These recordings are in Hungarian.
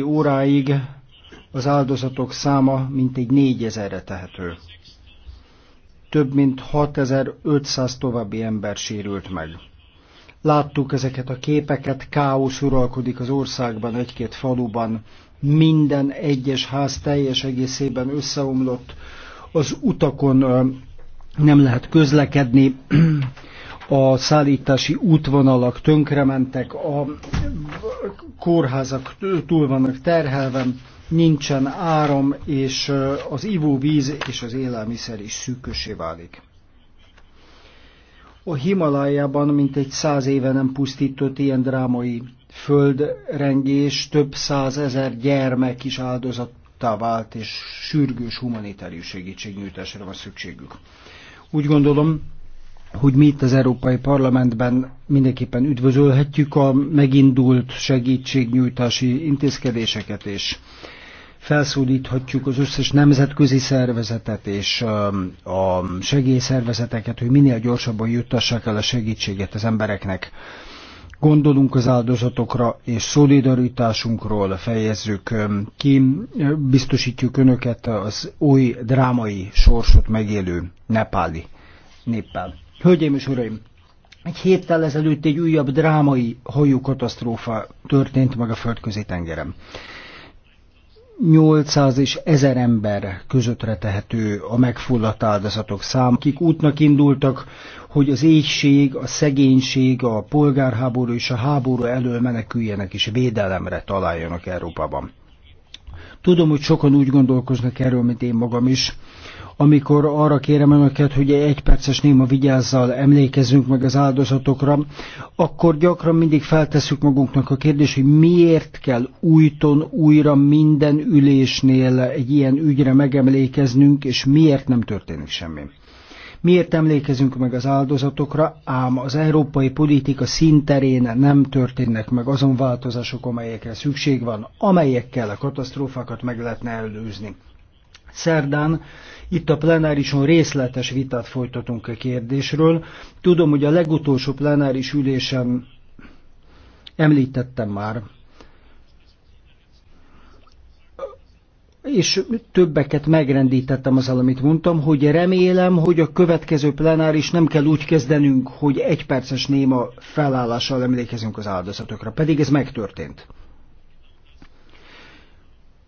óráig az áldozatok száma mintegy négyezerre tehető. Több mint 6500 további ember sérült meg. Láttuk ezeket a képeket, káosz uralkodik az országban, egy-két faluban. Minden egyes ház teljes egészében összeomlott, az utakon nem lehet közlekedni, a szállítási útvonalak tönkrementek, a kórházak túl vannak terhelve, nincsen áram, és az ivóvíz és az élelmiszer is szűkösé válik. A Himalájában mintegy száz éve nem pusztított ilyen drámai földrengés, több százezer gyermek is áldozattá vált, és sürgős humanitárius segítségnyújtásra van szükségük. Úgy gondolom, hogy mi itt az Európai Parlamentben mindenképpen üdvözölhetjük a megindult segítségnyújtási intézkedéseket, és felszólíthatjuk az összes nemzetközi szervezetet és um, a segélyszervezeteket, hogy minél gyorsabban juttassák el a segítséget az embereknek. Gondolunk az áldozatokra és szolidaritásunkról fejezzük um, ki, biztosítjuk önöket az új drámai sorsot megélő nepáli néppel. Hölgyeim és Uraim! Egy héttel ezelőtt egy újabb drámai hajókatasztrófa történt meg a földközi tengerem. 800 és 1000 ember közöttre tehető a megfulladt áldozatok szám, akik útnak indultak, hogy az éhség, a szegénység, a polgárháború és a háború elől meneküljenek és védelemre találjanak Európában. Tudom, hogy sokan úgy gondolkoznak erről, mint én magam is. Amikor arra kérem önöket, hogy egy perces néma vigyázzal emlékezzünk meg az áldozatokra, akkor gyakran mindig feltesszük magunknak a kérdést, hogy miért kell újton újra minden ülésnél egy ilyen ügyre megemlékeznünk, és miért nem történik semmi. Miért emlékezünk meg az áldozatokra, ám az európai politika szinterén nem történnek meg azon változások, amelyekre szükség van, amelyekkel a katasztrófákat meg lehetne előzni. Szerdán itt a plenárison részletes vitát folytatunk a kérdésről. Tudom, hogy a legutolsó plenáris ülésen említettem már, és többeket megrendítettem azzal, amit mondtam, hogy remélem, hogy a következő plenáris nem kell úgy kezdenünk, hogy egy perces néma felállással emlékezünk az áldozatokra, pedig ez megtörtént.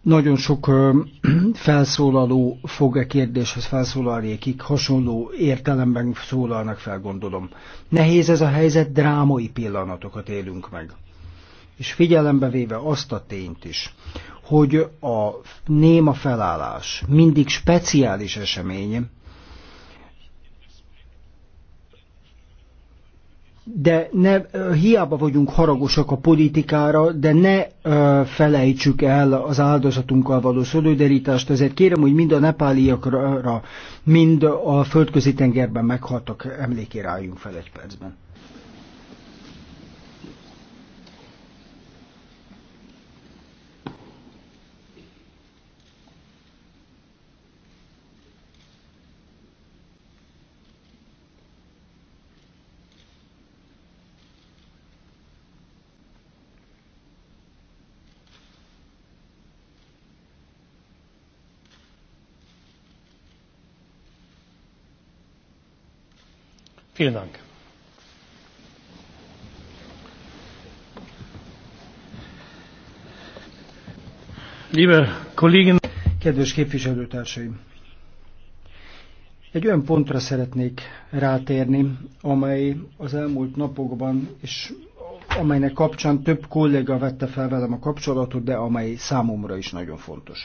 Nagyon sok felszólaló fog e kérdéshez felszólalni, akik hasonló értelemben szólalnak fel, gondolom. Nehéz ez a helyzet, drámai pillanatokat élünk meg és figyelembe véve azt a tényt is, hogy a néma felállás mindig speciális esemény, de ne, hiába vagyunk haragosak a politikára, de ne ö, felejtsük el az áldozatunkkal való szolidaritást, ezért kérem, hogy mind a nepáliakra, mind a földközi tengerben meghaltak emlékére álljunk fel egy percben. Kedves képviselőtársaim! Egy olyan pontra szeretnék rátérni, amely az elmúlt napokban, és amelynek kapcsán több kolléga vette fel velem a kapcsolatot, de amely számomra is nagyon fontos.